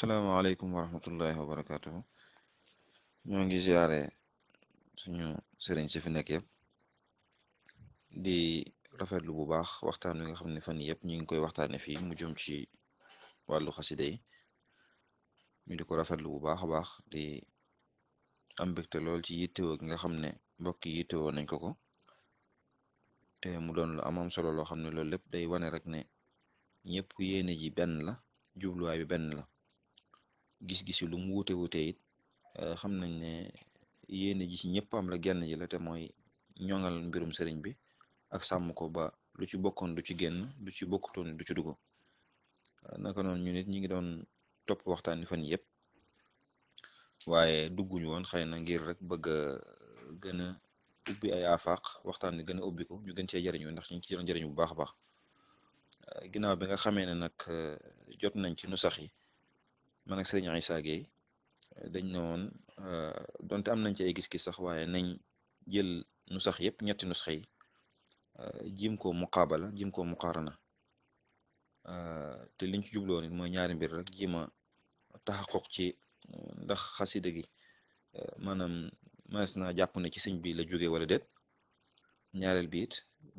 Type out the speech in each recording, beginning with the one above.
salaamaaleykum wa rahmatullahi wa barakaatu ñoo ngi ziare suñu sëriñ si fi nekk yëpp di rafetlu bu baax waxtaan wi nga xam ne fan yëpp ñu ngi koy waxtaanee fii mu jëm ci wàllu xasida yi ñu di ko rafetlu bu baax a baax di am mbégte lool ci yittewoo gi nga xam ne mbokk yi yittewoo nañ ko ko te mu doon lu am solo loo xam ne loolu lépp day wane rek ne ñëpp yéene ji benn la jubluwaay bi benn la. gis-gis lu mu wuute wuute it euh, xam nañ ne yéene ji ci ñepp am la genn ji la te moy ñongal mbirum sëriñ bi ak sam ko ba lu ci bokkon du ci genn du ci bokkutoon du ci dugg euh, naka non ñu nit ñi ngi doon top waxtaan fan yépp waaye dugguñu woon xëy na ngir rek bëgg a gën a ubbi ay afaq waxtaan gën ubbi ko ñu gën cee jëriñu ndax ñu ci doon bu baax baax euh, ginnaaw bi nga xamee ne nag jot nañ ci nusax yi man ak sëriñ Issa Gueye dañ ne woon euh, donte am nañ ci ay gis-gis sax waaye nañ jël nu sax yëpp ñetti nu sax yi euh, jim ko muqaabala jim ko muqaarana euh, te liñ ci jubloon mooy ñaari mbir rek jima taxaquq ci ndax xasida gi maanaam mas na jàpp ne ci sëñ bi la jóge wala déet ñaareel biit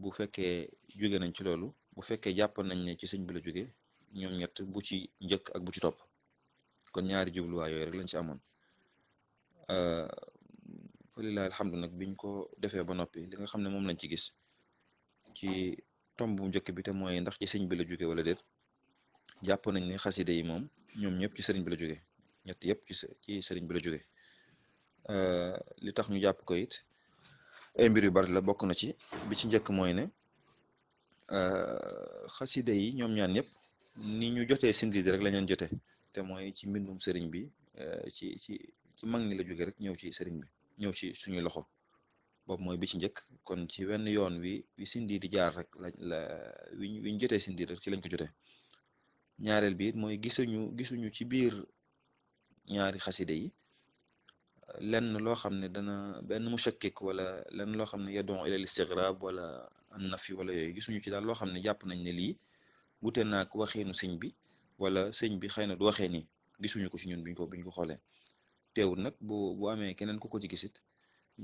bu fekkee jóge nañ ci loolu bu fekkee jàpp nañ ne ci sëñ bi la jóge ñoom ñett bu ci njëkk ak bu ci topp kon ñaari jubluwaay yooyu rek lañ ci amoon falilaa euh, alhamdu nag biñ ko defee ba noppi li nga xam ne moom lañ ci gis ci tomb bu njëkk bi te ndax ci sëñ bi la jóge wala déet jàpp nañ ne xaside yi moom ñoom ñëpp ci sëriñ bi la jóge ñett yëpp ci ci sëriñ bi la jóge euh, li tax ñu jàpp ko it mbir yu bari la bokk na ci bi ci njëkk mooy ne euh, xaside yi ñoom ñaan ñëpp ni ñu jotee sindidi rek la jote te mooy ci mbindum sëriñ bi eh, ci ci ci mag ñi la jóge rek ñëw ci sëriñ bi ñëw ci suñu loxo boobu mooy bi ci njëkk kon ci wenn yoon wi wi di jaar rek la la wiñ wiñ jotee sindii rek ci lañ ko jote ñaareel bi mooy gisuñu gisuñu ci biir ñaari xaside yi lenn loo xam ne dana benn mu mushakkik wala lenn loo xam ne yadon ilal istigrab wala an nafi wala yooyu gisuñu ci daal loo xam ne jàpp nañ ne lii wute naa ko waxeenu sëñ bi wala sëñ bi xëy na du waxee ni gisuñu ko ci ñun biñ ko biñ ko xoolee teewul nag bo bu amee keneen ku ko ci gisit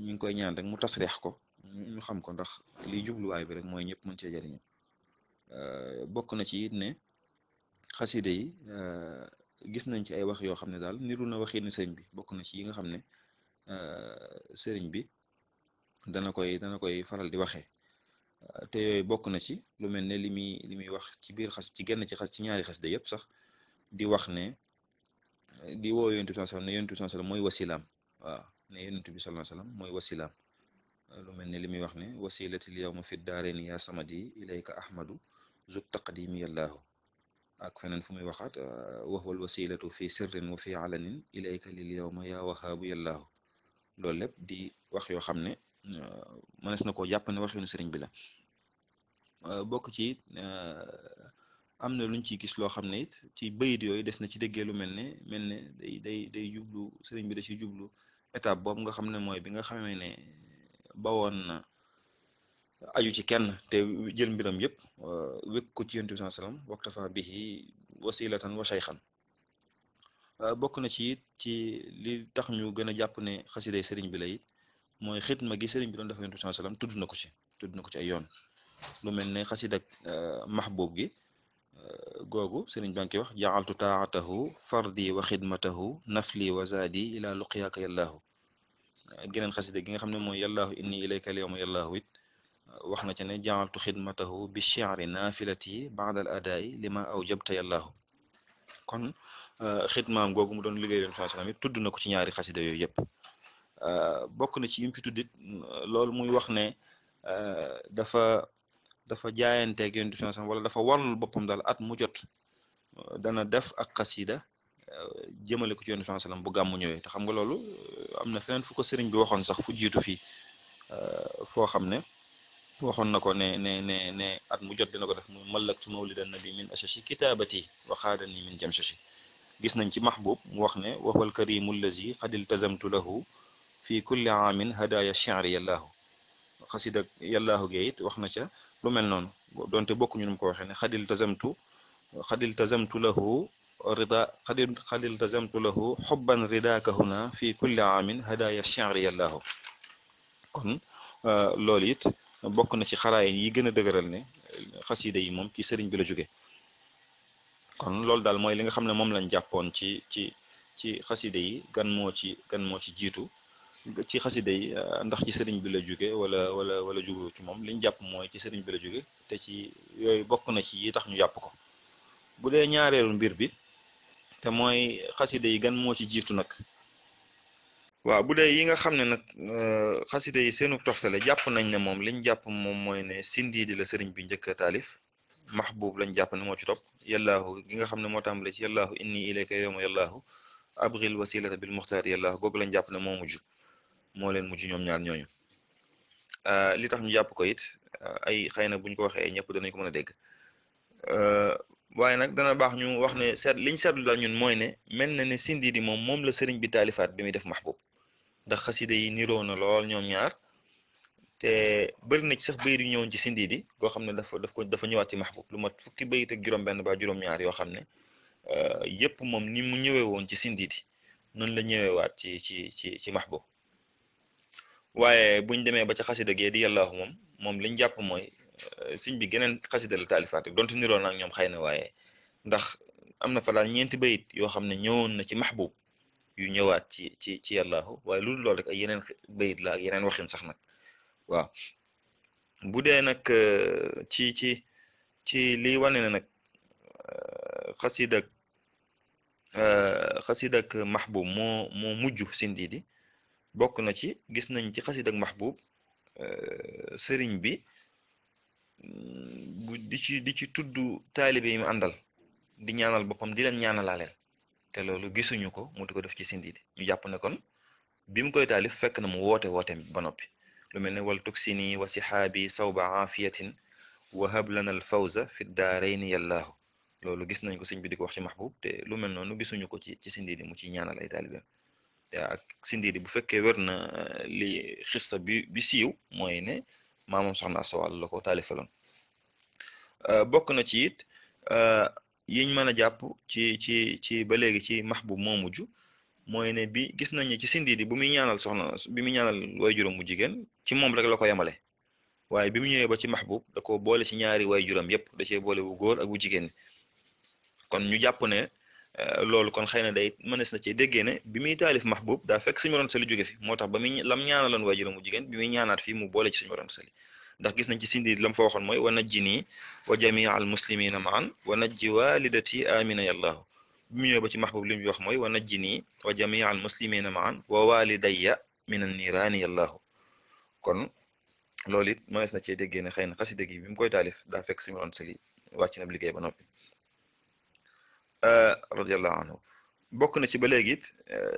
ñu ngi koy ñaan rek mu reex ko ñu xam ko ndax liy jubluwaay bi rek mooy ñëpp mën cee jëriñu euh, bokk na ci it ne xaside yi euh, gis nañ ci ay wax yoo xam ne daal niru na waxee sëñ bi bokk na ci yi nga xam ne euh, sëriñ bi dana koy dana koy faral di waxee te yooyu bokk na ci lu mel ne li muy li muy wax ci biir xas ci genn ci xas ci ñaari xas de yëpp sax di wax ne di woo yonent bi ne yonent bi sallam mooy wasilaam waaw ne yonent bi sallam mooy wasilaam lu mel ne li muy wax ne wasilatil yawma fi daareen ya samadi ilayka ahmadu zut taqdimi yallaahu ak feneen fu muy waxaat euh, waxwal wasilatu fi sirrin wa fi alanin ilayka lil yawma ya wahaabu yallaahu loolu lépp di wax yoo xam ne mënees na koo jàpp ne waxinu sëriñ bi la bokk ci eh, am na luñ ciy gis loo xam ne it ci bayit yooyu des na ci déggee lu mel ne mel ne day day jublu sëriñ bi da ci jublu étape boobu nga xam ne mooy bi nga xamee ne ba woon na aju ci kenn te jël mbiram yëpp eh, wékk ko ci yonent bi sallallahu alayhi wasallam waqtafa bihi wasilatan wa shaykhan eh, bokk na ci it ci li tax ñu gën a jàpp ne xasiday sëriñ bi la mooy xitma gi sëriñ bi doon def yonent bi sallallahu na ko ci tudd ko ay yoon lu mel ne xasid ak euh, mahbub gi euh, googu sëriñ baa ngi koy wax jaaltu taatahu fardi wa xidmatahu nafli wa zaadi ila luqiyaaka yallaahu euh, geneen xasida gi nga xam ne mooy yallaahu inni ilayka alyawma yallaahu it wax na ci ne jaaltu xidmatahu bi shi'ri nafilati ba'da al adaa'i lima awjabta yallaahu kon xidmaam googu mu doon liggéey leen tudd na ko ci ñaari xasida yooyu yëpp Euh, bokk na ci yim ci tuddit mm, loolu muy wax ne euh, dafa dafa jaayanteeg yonent bi wala dafa warlul boppam daal at mu jot euh, dana def ak xasida jëmale ko ci yonent bi bu gàmmu ñëwee te xam nga loolu am na feneen fu sëriñ bi waxoon sax fu jiitu fii foo xam ne waxoon na ko ne ne ne ne at mu jot dina ko def mu muy mallaktu mawlidan nabi min ashashi kitaabati wa xaadani min jamshashi gis nañ ci mahbub mu wax ne waxwal karimu allazi qad iltazamtu lahu fi kulli aamin hadaya chenri yàllaahu xasida yàllaahu ge it wax na ca lu mel noonu donte bokk ñu ko waxee ne xadil tazamtu xadil tazamtu lahu rida xadil xadil tazamtu lahu xubban ridaaka huna fi kulli aamin hadaya chenri yàllaahu kon euh, loolu it bokk na ci xaraayin yi gën a dëgëral ne xasida yi moom ci sëriñ bi la kon loolu daal mooy li nga xam ne moom lañ jàppoon ci ci ci xasida yi gan moo ci gan moo ci jiitu ci xasida yi euh, ndax ci sëriñ bi la jóge wala wala wala jóge ci moom liñ jàpp mooy ci sëriñ bi la jóge te ci yooyu bokk na ci yi tax ñu jàpp ko bu dee ñaareelu mbir bi te mooy xasida yi gan moo ci jiitu nag waaw bu dee yi nga xam ne nag euh, xasida yi seenu toftale jàpp nañ ne moom liñ jàpp moom mooy ne sindii la sëriñ bi njëkk a taalif mahbub lañ jàpp ne moo ci topp yallaahu gi nga xam ne moo tàmbale ci yallaahu inni ilayka yowma yallaahu abril wasilata bil muxtaar yallaahu googu lañ jàpp ne moom mujj moo leen mujj ñoom ñaar ñooñu euh, li tax ñu jàpp ko it euh, ay xëy na buñ ko waxee ñëpp danañ ko mën a dégg euh, waaye nag dana baax ñu wax ne seet liñ seetlu daal ñun mooy ne mel na ne Sindidi moom moom la sëriñ bi taalifaat bi muy def Mahbub ndax xasida yi niroo na lool ñoom ñaar te bëri na ci sax bayit yu ñëwoon ci Sindidi koo xam ne dafa daf ko dafa ñëwaat ci Mahbub lu mat fukki bayit ak juróom-benn ba juróom-ñaar yoo xam ne yëpp moom ni mu ñëwee woon ci Sindidi noonu la ñëwee ci ci ci ci Mahbub waaye buñ demee ba ca xasida gee di yàllaahu moom moom liñ jàpp mooy euh, sëñ bi geneen xasida la taalifaat rek donte niroo naag ñoom xëy na waaye ndax am na fa ñeenti bayit yoo xam ne ñëwoon na ci maxbub yu ñëwaat ci ci ci yàllaahu waaye loolu lool rek ay yeneen bayit la ak yeneen waxin sax nag waaw bu dee nag euh, ci ci ci li wane na nag euh, xasidak xasidak maxbub moo moo mujj sindidi bokk na ci gis nañ ci xasid ak maxbuub euh, sëriñ bi mm, bu di ci di ci tudd taalibe yi mu àndal di ñaanal boppam di leen ñaanalaaleel te loolu gisuñu ko mu di ko def ci sindiidi ñu jàpp ne kon bi mu koy taalif fekk na mu woote woote ba noppi lu mel ne wal tuksini wa sixaabi sawba aafiyatin wa hablana al fawza fi daarayni yallaahu loolu gis nañ ko sëñ bi di ko wax ci maxbuub te lu mel noonu gisuñu ko ci ci sindiidi mu ci ñaanal ay taalibeem ak Sindidi bu fekkee wér na eh, li xissa bi bi siiw mooy ne maamam soxna Asta Walo la ko taalifaloon eh, bokk na ci it eh, yiñ mën a jàpp ci ci ci ba léegi ci Mahbub mo mujj mooy bi gis nañ ne ci Sindidi bu muy ñaanal soxna bi muy ñaanal waajuram mu jigéen ci moom rek la ko yemale waaye bi mu ñëwee ba ci Mahbub da ko boole ci ñaari waajuram yépp da cee boole bu góor ak bu jigéen kon ñu jàpp loolu kon xëy na day mënees na ci déggee ne bi muy taalif Mahbub daa fekk Sëñ Mor Anta Sali jóge fi moo tax ba muy lam ñaanaloon waajur mu jigéen bi muy ñaanaat fii mu boole ci Sëñ Mor Anta Sali ndax gis nañ ci sindi lam fa waxoon mooy wa najjini wa jamia al muslimina maan wa najji walidati amina yallahu bi mu ñëw ba ci Mahbub li mu wax mooy wa najjini wa jamia al muslimina maan wa walidayya min an niraani yallahu kon loolu it mënees na cee déggee ne xëy na xasida gi bi mu koy taalif daa fekk Sëñ Mor Anta Sali wàcc na liggéey ba noppi radiyallahu anhu bokk na ci ba léegi it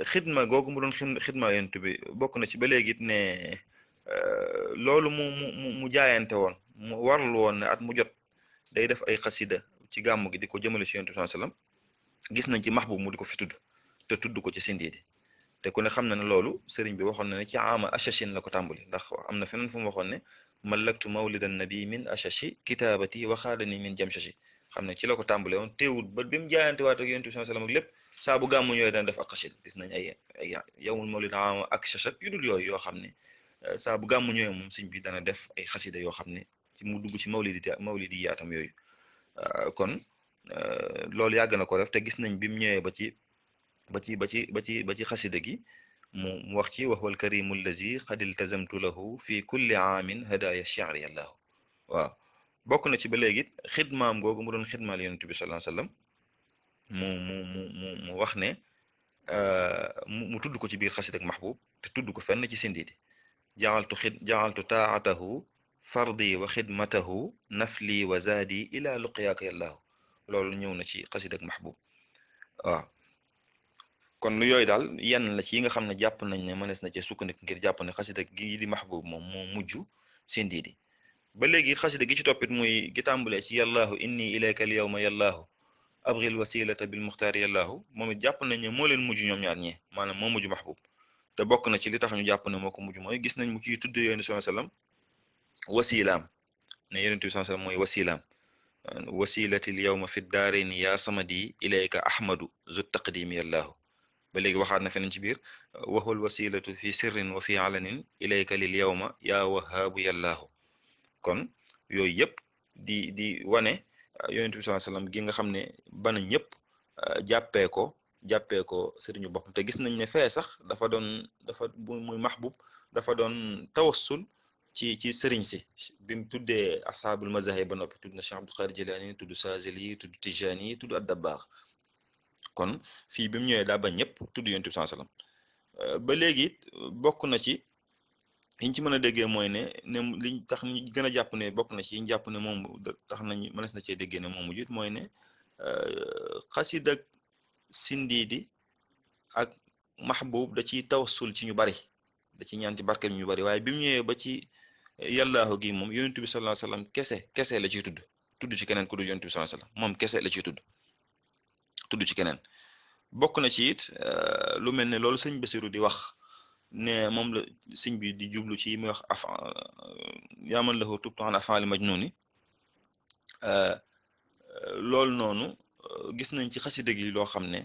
xidma googu mu doon xidma bi bokk na ci ba léegi ne loolu mu mu mu jaayante woon mu warlu woon ne at mu jot day def ay xasida ci gàmmu gi di ko jëmale ci yonent bi sallam gis nañ ci Mahbub mu di ko fi tudd te tudd ko ci Sindiidi te ku ne xam na ne loolu sëriñ bi waxoon na ne ci ama ashashin la ko tàmbali ndax am na feneen fu mu waxoon ne malaktu a nabi min ashashi kitaabati waxaadani min jamshashi xam ne ci la ko tàmbale woon teewut ba bi mu jaayante waat ak yonent bi sallallahu alayhi wasallam lépp gàmmu ñooy daan def ak xasit gis nañ ay mawlid am ak chachak yu dul yooyu yoo xam ne euh, saa bu gàmmu ñooy moom sëñ bi dana def ay xasida yoo xam ne ci mu dugg ci mawlidi mawlidi yaatam yooyu euh, kon euh, loolu yàgg na ko def te gis nañ bi mu ñëwee ba ci ba ci ba ci ba ci ba ci xasida gi mu mu wax ci wax wal karimu allazi xad iltazamtu lahu fi kulli aamin hadaya shi'ri yàllaahu waaw bokk na ci ba léegi xidmaam googu mu doon xidmaal yonent bi sallallahu alayhi mu mu mu mu mu wax ne euh, mu tudd ko ci biir xasid ak maxbub te tudd ko fenn ci sindiidi jaaltu xid jaaltu taatahu fardi wa xidmatahu nafli wa zaadi ila luqiyaaka yallaahu loolu ñëw na ci xasid ak maxbub waaw kon lu yooyu daal yenn la ci yi nga xam ne jàpp nañ ne mënees na cee ngir jàpp ne xasid ak gii di maxbub moom moo mujj sindiidi ba léegi it xasida gi ci toppit muy gi tàmbalee ci yàllaahu inni ilayka al yawma yàllaahu abril wasilata bil muxtaari yàllaahu moom it jàpp nañ ne moo leen mujj ñoom ñaar ñi maanaam moo mujj maxbub te bokk na ci li tax ñu jàpp ne moo ko mujj mooy gis nañ mu ciy tudd yonent bi sallam wasilaam ne yonent bi sallam mooy wasilaam wasilatil yawma fi daarayni yaa samadi ilayka ahmadu zu taqdimi yàllaahu ba léegi waxaat na feneen ci biir waxul wasilatu fi sirrin wa fi alanin ilayka lil yawma yaa wahaabu yàllaahu kon yooyu yëpp di di wane ah, yonent bi gi nga xam ne bana ñëpp ah, jàppee ko jàppee ko sëriñu boppam te gis nañ ne fee sax dafa doon dafa muy maxbub dafa doon tawassul ci ci sëriñ si bi mu tuddee asaabul mazahib ba noppi tudd na Cheikh Abdul Qadir Jilani tudd Saazili tudd Tijani tudd ad baax kon fii bi mu ñëwee daa ba ñëpp tudd yonent bi sallallahu ah, ba léegi bokk ci liñ ci mën a déggee mooy ne ne liñ tax ñu gën a jàpp ne bokk na ci ñu jàpp ne moom tax nañu mënees na cee déggee ne moom mujjut mooy ne euh, xasid ak sindiidi ak mahbub da ciy tawassul ci ñu bari da ci ñaan ci barkeb ñu bari waaye bi mu ñëwee ba ci yàllaahu gi moom yonent bi sallallahu alayhi wasallam kese kese la ciy tudd tudd ci keneen ku dul yonent bi sallallahu alayhi wasallam moom kese la ciy tudd tudd ci keneen bokk na ci it euh, lu mel ne loolu sëñ di wax ne moom la sëñ bi di jublu ci muy wax afa euh, yaa man lahu tubtu an afaali majnuni euh, euh, loolu noonu gis nañ ci xasida gi loo xam ne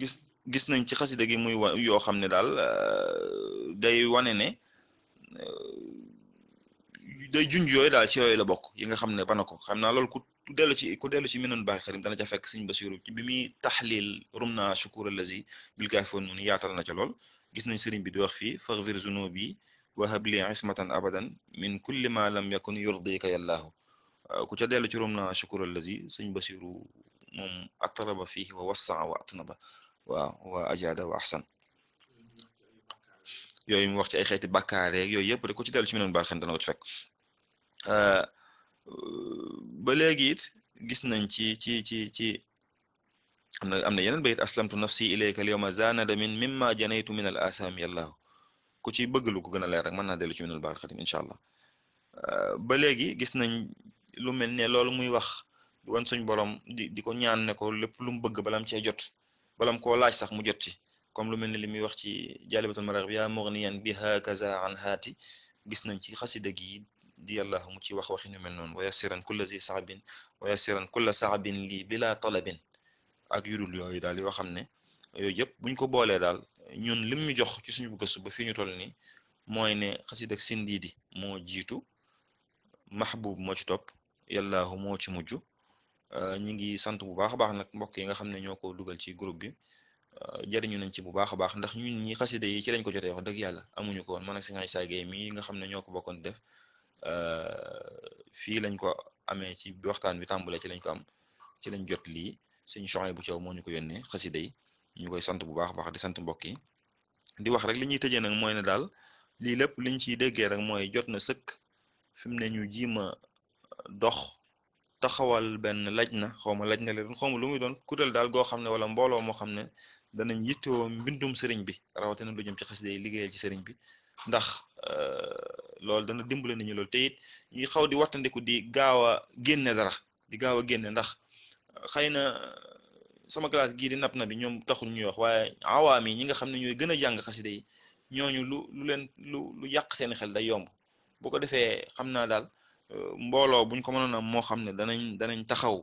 gis gis nañ ci xasida gi muy wa yoo xam ne daal day wane ne day junj yooyu daal ci yooyu la bokk yi nga xam ne bana ko xam naa loolu ku ku dellu ci ku dellu ci minan baax xarim dana ca fekk sëñ Basiru ci bi muy taxlil rumna shukur allazi bil kaafoon mu ni yaatal na ca lool gis nañ sëriñ bi di wax fii faghfir zunubi wa habli ismatan abadan min kulli ma lam yakun yurdika yallaahu ku ca dellu ci rumna shukur allazi sëñ Basiru moom ataraba fihi wa wassaa wa atnaba waaw wa ajaada wa ahsan yooyu mu wax ci ay xeeti bàkkaareeg yooyu yëpp rek ku ci dellu ci minan baax xarim dana ko ci fekk ba léegi it gis nañ ci ci ci ci am na am na yeneen bayit aslamtu nafsi ilayka alyawma zanada min mimma janaytu min al asami allahu ku ci bëgg lu ko gën a rek mën naa dellu ci minul baaxil xatim incha allah euh, ba léegi gis nañ lu mel ne loolu muy wax di wan suñ borom di di ko ñaan ne ko lépp lu mu bëgg balam cee jot balam ko laaj sax mu jot ci comme lu mel ne li muy wax ci jaalibatul maragh bi yaa mughniyan bi hakaza an haati gis nañ ci xasida gi di yàllaahu mu ciy wax waxinu mel noonu wa yassiran kulla zi saabin wa yassiran kulla saabin lii bila talabin ak yudul yooyu daal yoo xam ne yooyu yëpp buñ ko boolee daal ñun lim ñu jox ci suñu gëstu ba fii ñu toll nii mooy ne xasida ak sindiidi moo jiitu mahbub moo ci topp yàllaahu moo ci mujj euh, ñu ngi sant bu baax a baax nag mbokk yi nga xam ne ñoo ko dugal ci groupe bi euh, jëriñu nañ ci bu baax a baax ndax ñun ñi xasida yi ci lañ ko jotee wax dëgg yàlla amuñu ko woon man ak si ngay saagee mii nga xam ne ñoo ko bokkoon def Euh, fii lañ ko amee ci waxtaan wi tàmbalee ci lañ ko am ci lañ jot lii suñu soxna bu caw moo ñu ko yónnee xasida yi ñu koy sant bu baax a baax di sant mbokk yi di wax rek li ñuy tëjee nag mooy ne daal lii lépp liñ ciy déggee rek mooy jot na sëkk fi mu ne ñu jiima dox taxawal benn laj na xaw ma laj na leen xaw ma lu muy doon kuréel daal goo xam ne wala mbooloo moo xam ne danañ yittewoo mbindum sëriñ bi rawatina lu jëm ci xasida yi liggéeyal ci sëriñ bi ndax Euh, loolu dana dimbale nañu lool te it ñuy xaw di wattandiku di gaaw a génne dara di gaaw a génne ndax euh, xëy na euh, sama classe gii di nap na bi ñoom taxul ñu wax waaye awaam yi ñi nga xam ne ñooy gën a jàng xasida yi ñooñu lu lu leen lu lu yàq seen xel day yomb boo ko defee xam naa daal mbooloo buñ ko mënoon a moo xam ne danañ danañ taxaw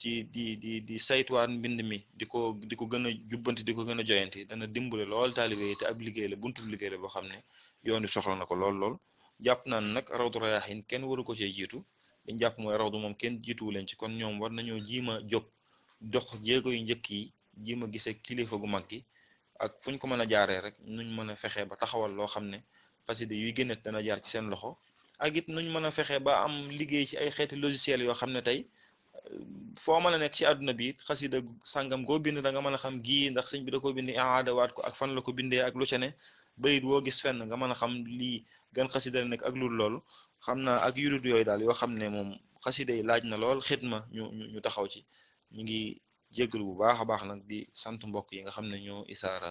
ci di di di saytuwaar mbind mi di ko di ko gën a jubbanti di ko gën a joyanti dana dimbale lool taalibe yi te ab liggéey le buntu liggéey la boo xam ne yoon wi soxla na ko lool lool jàpp naa ne nag rawdu rayaaxin kenn waru ko cee jiitu dañ jàpp mooy rawdu moom kenn jiituwu leen ci kon ñoom war nañoo jiima jóg dox jéego yu njëkk yi jiima gisee kilifa gu mag gi ak fuñ ko mën a jaaree rek nuñ mën a fexee ba taxawal loo xam ne xasida yuy génne dana jaar ci seen loxo ak it mën a fexee ba am liggéey ci ay xeeti logiciel yoo xam ne tey foo mën a nekk ci àdduna bi xasida sangam goo bind da nga mën a xam gi ndax sëñ bi da ko bind aada waat ko ak fan la ko bindee ak lu ca bayit woo gis fenn nga mën a xam lii gan xasida la ak lu lool xam naa ak yurut yooyu daal yoo xam ne moom xasida yi laaj na lool xidma ñu ñu taxaw ci ñu ngi jégalu bu baax a baax nag di sant mbokk yi nga xam ne ñoo isaara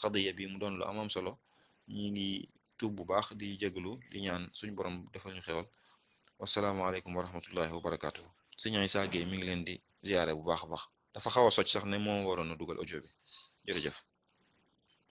xadiya euh, bi mu doon lu am solo ñu ngi tuub bu baax di jégalu di ñaan suñu borom defal ñu xewal wasalaamaaleykum wa rahmatullahi wa barakaatu. sëñ Issa Gueye mi ngi leen di ziare bu baax a baax dafa xaw a socc sax ne moom waroon a dugal audio bi jërëjëf.